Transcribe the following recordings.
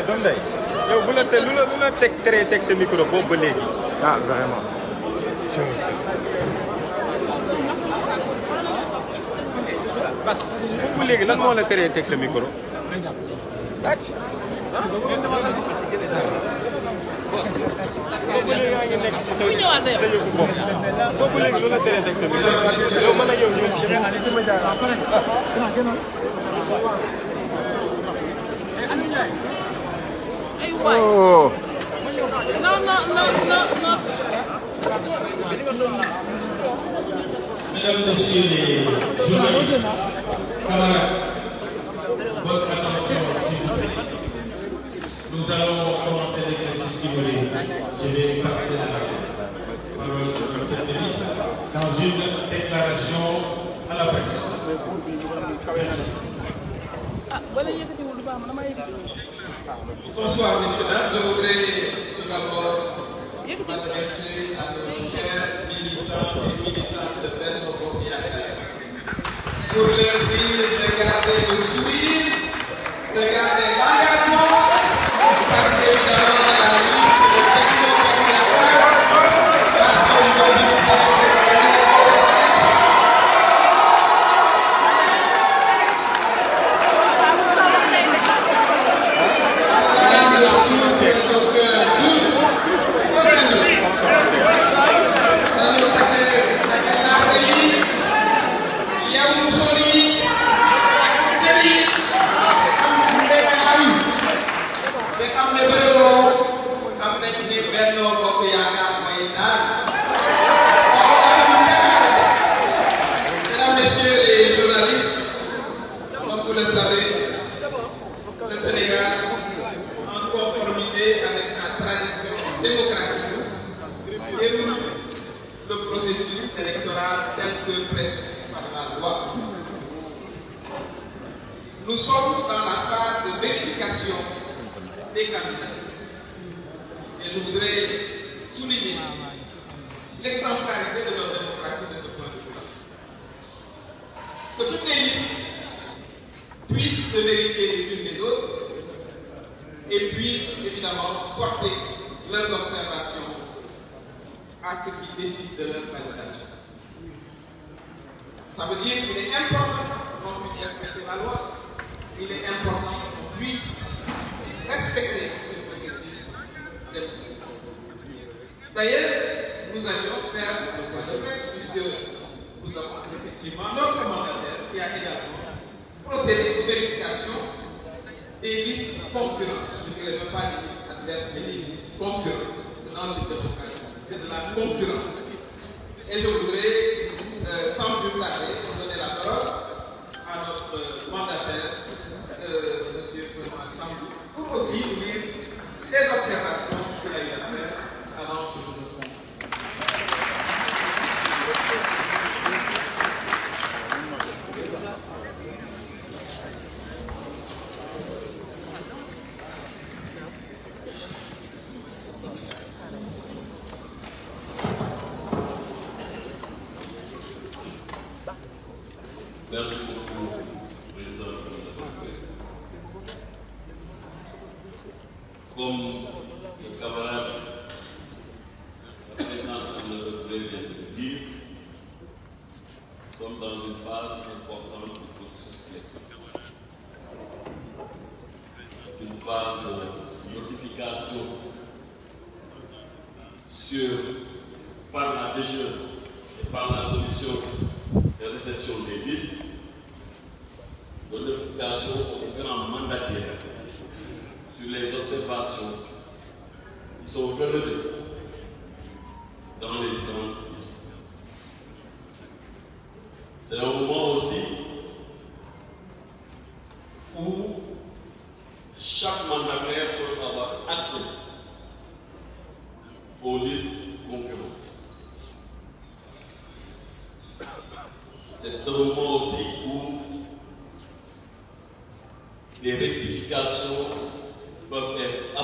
mais doom day yow bu la te lu la lu la teg teree teg sa micro boobu ba léegi. ah vraiment. bas bu léegi lan moo la teree teg sa micro. dàcc ah. bos. boobu léegi yaa ngi nekk si sa sa yëfu bopp. boobu léegi lu la teree teg sa micro. yow mën na yow ñu ngi si Oh. No, no, no, no, no. Mesdames, Messieurs les journalistes, camarades, votre attention, s'il vous plaît. Nous allons commencer l'exercice du volet. Je vais passer la parole au premier ministre dans une déclaration à la presse. Merci. Ah, voilà, il y a des gens qui Bonsoir, messieurs, dames. Je voudrais tout d'abord m'adresser à nos chers militants et militantes de Benno Bokk Yakaar pour leur dire de garder le sourire. continuer avec sa tradition démocratique, déroule le processus électoral tel que prescrit par la loi. Nous sommes dans la phase de vérification des candidats. Et je voudrais souligner l'exemplarité de notre démocratie de ce point de vue. Que toutes les listes puissent se vérifier et puissent évidemment porter leurs observations à ceux qui décident de leur validation. Ça veut dire qu'il est important qu'on puisse respecter la loi, il est important qu'on puisse respecter ce processus D'ailleurs, nous allions faire le point de presse puisque nous avons effectivement notre mandataire qui a également procédé aux vérifications des listes concurrentes. Je ne dirais même pas des listes adverses, mais des listes concurrentes dans une démocratie. C'est de la concurrence. Et je voudrais, euh, sans plus tarder, donner la parole à notre euh, mandataire, euh, M. Benoît Sambou, pour aussi lire les observations qu'il a eu à faire avant que je ne sur, par la DGE et par la commission de réception des listes, de notification aux différents mandataires sur les observations qui sont relevées solutions peuvent être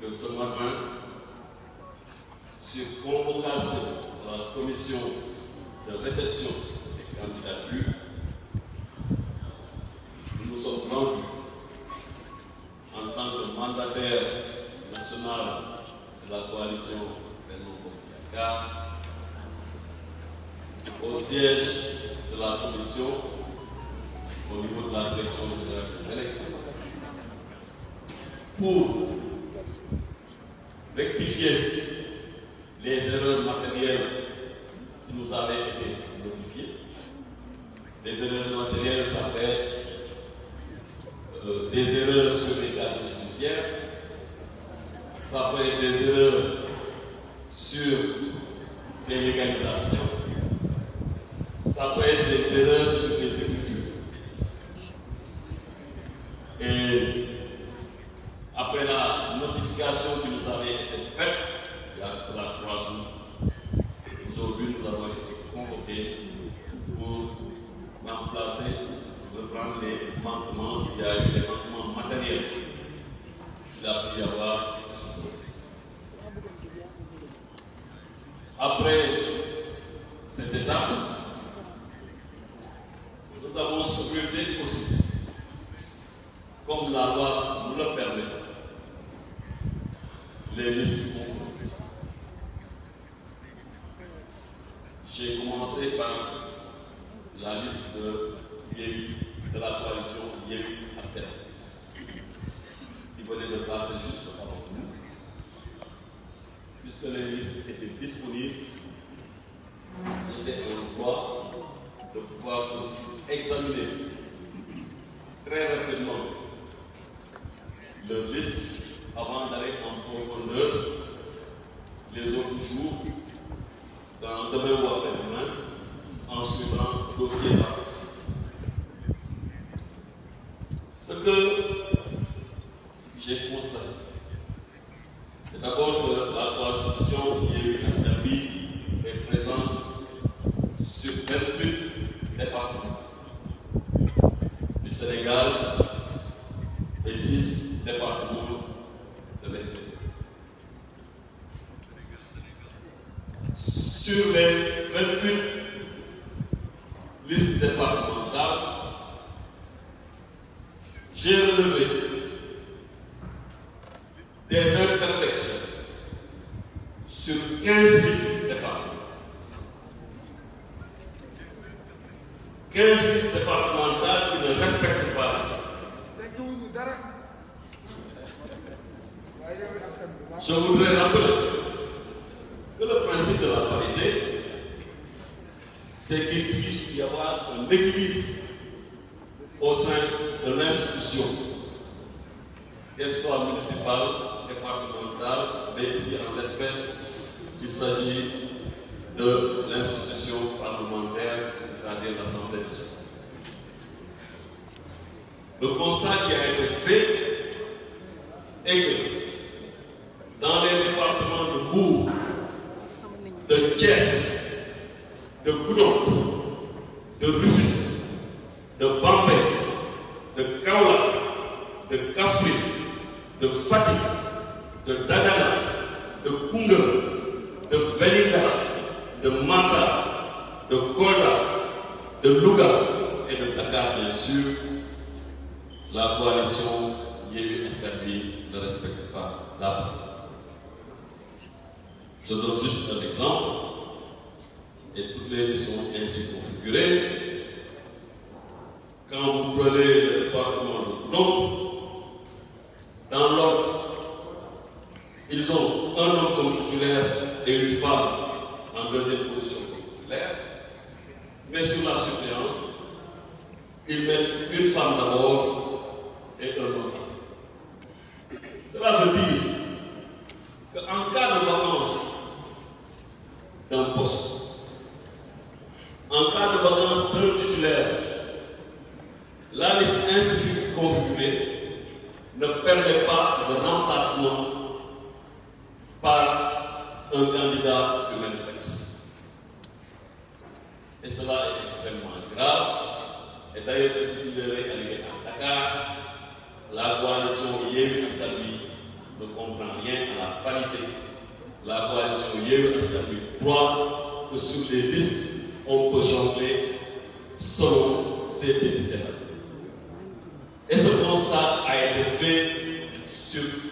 que ce matin, sur convocation la commission de réception des candidatures, pour rectifier les erreurs matérielles qui nous avaient été notifiées. Les erreurs matérielles, ça peut être manquement qui arrive, les manquements matériels, il a pu y avoir souffrance. Après j'ai un droit de pouvoir examiner très rapidement leur liste avant d'aller en profondeur les autres jours, dans demain ou après-demain, en suivant le dossier. sur les vingt-huit listes départementales, j'ai relevé régions, qu'elles soient municipales, en l'espèce, il s'agit de l'institution parlementaire, c'est-à-dire l'Assemblée nationale. Le constat qui a été fait est que dans les départements de Bourg, de Thiès, de Louga et de Dakar, bien sûr, la coalition Yévi Escarbi ne respecte pas la loi. Je donne juste un exemple, et toutes les sont ainsi configurées. Quand vous prenez le département de dans l'ordre, ils ont un homme comme titulaire et une femme en deuxième position comme mais sur la suppléance ils mettent une femme d'abord et un homme. Cela veut dire qu'en cas de vacance d'un poste, en cas de vacance d'un titulaire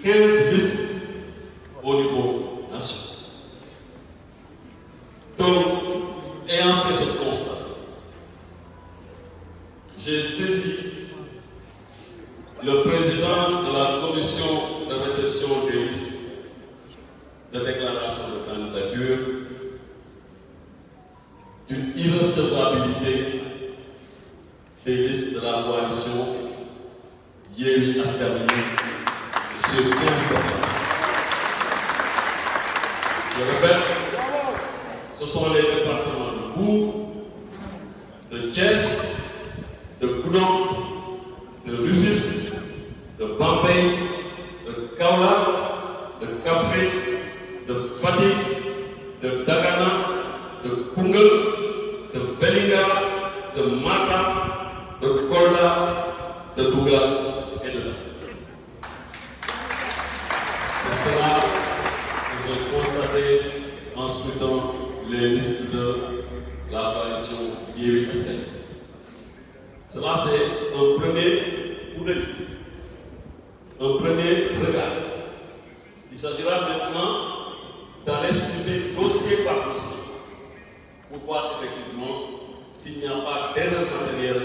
quinze listes effectivement s'il n'y a pas d'erreur matérielle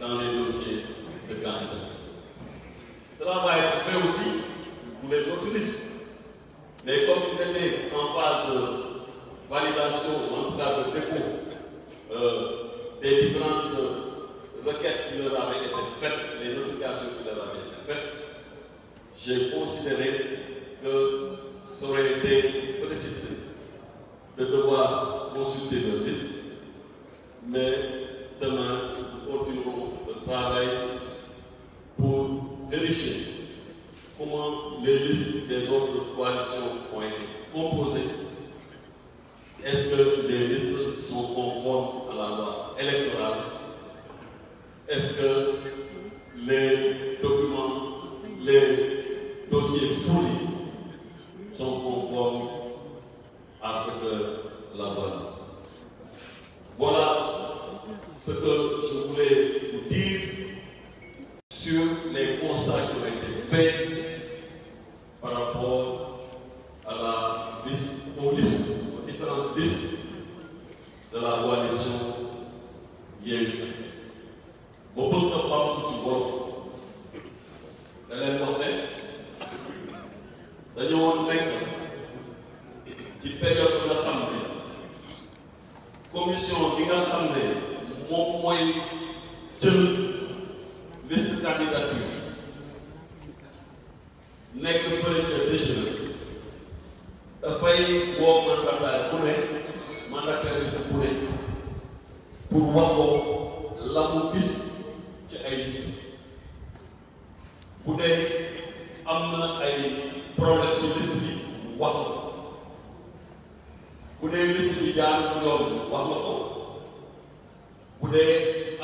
dans les dossiers de candidat. Cela va être fait les autres en phase de validation, en tout de dépôt, euh, des différentes requêtes qui leur avaient été faites, les notifications qui leur avaient été j'ai considéré que ça aurait été de devoir consulter leur liste mais demain, nous continuerons le travail pour vérifier comment les listes des autres coalitions ont été composées. da leen wax ne dañoo woon nekk ci période bi a xam ne commission bi xam ne moom mooy jël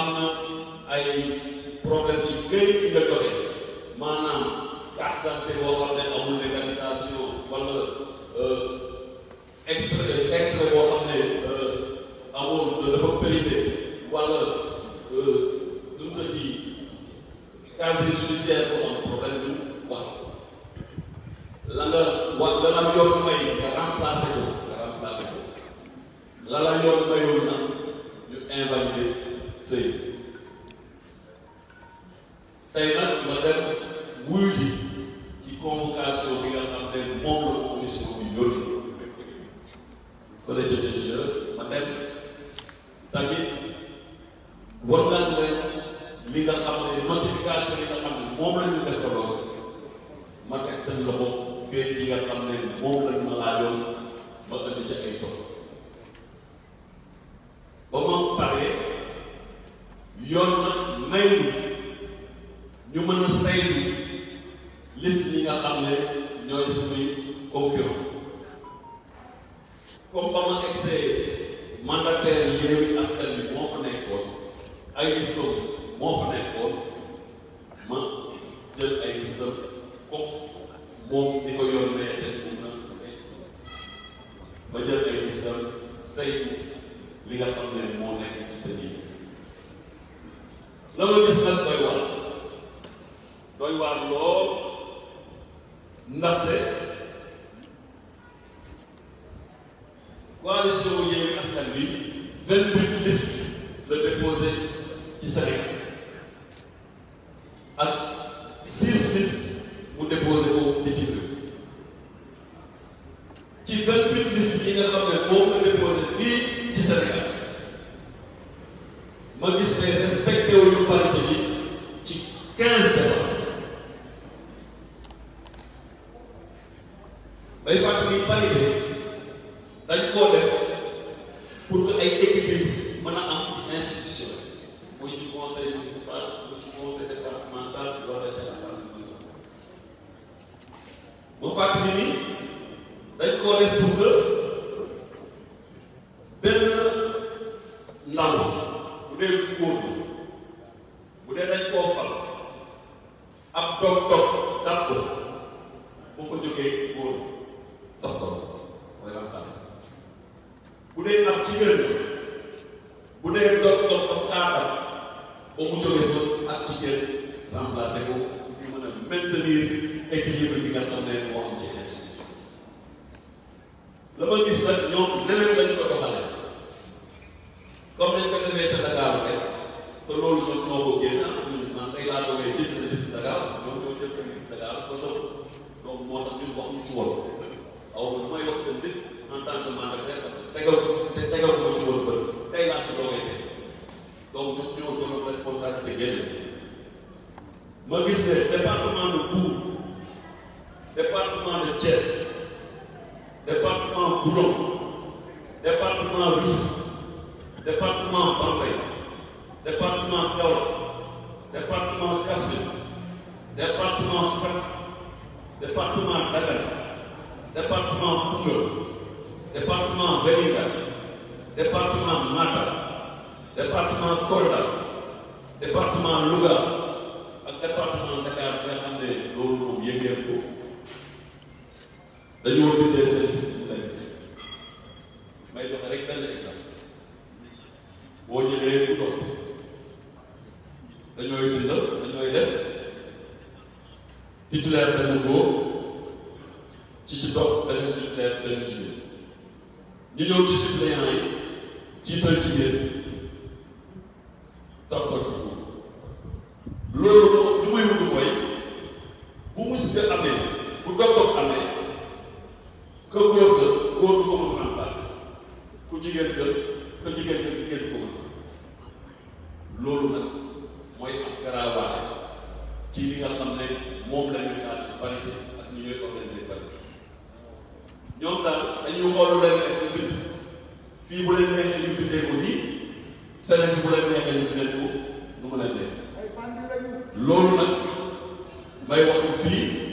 am na ay problème ci këyit yi nga joxe maanaam carte d'identité boo xam ne amul légalisation wala euh, extrait extrait boo xam ne euh, amul dafa périmé wala euh, duñ ko ci casier judiciaire CGE ma dem tamit war nañ leen li nga xam ne notification yi xam ne moom la ñu defaloon ma teg seen loxo kayit yi nga xam ne moom lañ ma laajoon ba indi yoon may def mu mën ba jël ay gis saytu li nga xam ne quinze débats day fàttali bari de dañ ko léegi doon doon dafa xaaral ba mu jógee fa ak jigéen remplacé ko ñu mën a maintenir équilibre bi nga xam ne moo am ci institution la ma gis nag ñoom leneen lañ Goudomp département Rufisque département Bambey département Kaolack département Kaffrine département Fatick département Dagana département Koungheul département Vélingara département Matam département Kolda département Louga ak département Dakar bi ne loolu moom yëgee ko dañu war tuddee seen benn góor ci ci bopp benn benn jigéen ñu ñëw ci suppléant yi jiital jigéen loolu nag may wax fii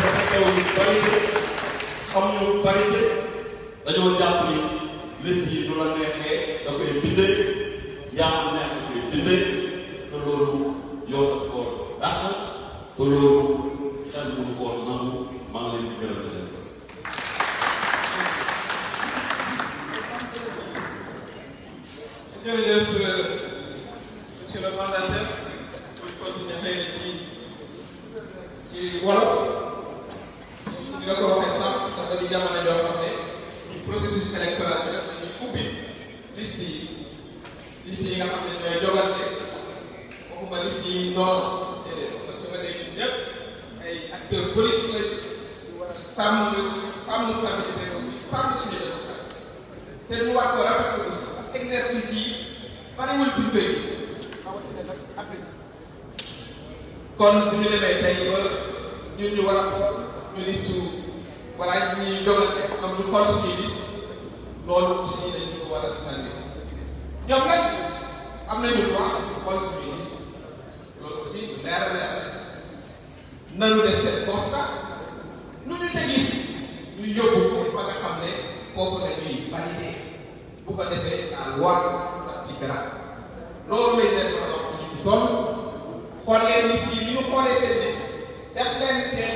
dafa xam ñu bari dañoo jàpp ni liste yi du la neexee da koy bindee yaa neex da koy bindee te loolu yow dafa ko dàq te loolu. ci noonu déedéet parce que ba léegi ñëpp ay acteurs politiques lañ ñu war a sàmm sàmm stabilité boobu sàmm suñu démocratie te ñu war ko rafetlu ak exercice yi bariwul ci mbéy mi rawatina nag Afrique kon bu ñu demee tey ba ñun ñu war a xool ñu listu wala ñuy jogante am ñu xool suñuy liste loolu aussi dañu ko war a sànni ñoom nag am nañu droit xool suñuy leer leer nañu def seen constat lu ñu te gis ñu yóbbu ko ba nga xam ne foofu la ñuy validé bu ko defee la loi s'appliquera loolu lañ leen mën a wax ñu ci toll xool leen liste yi ñu xoolee seen liste def leen seen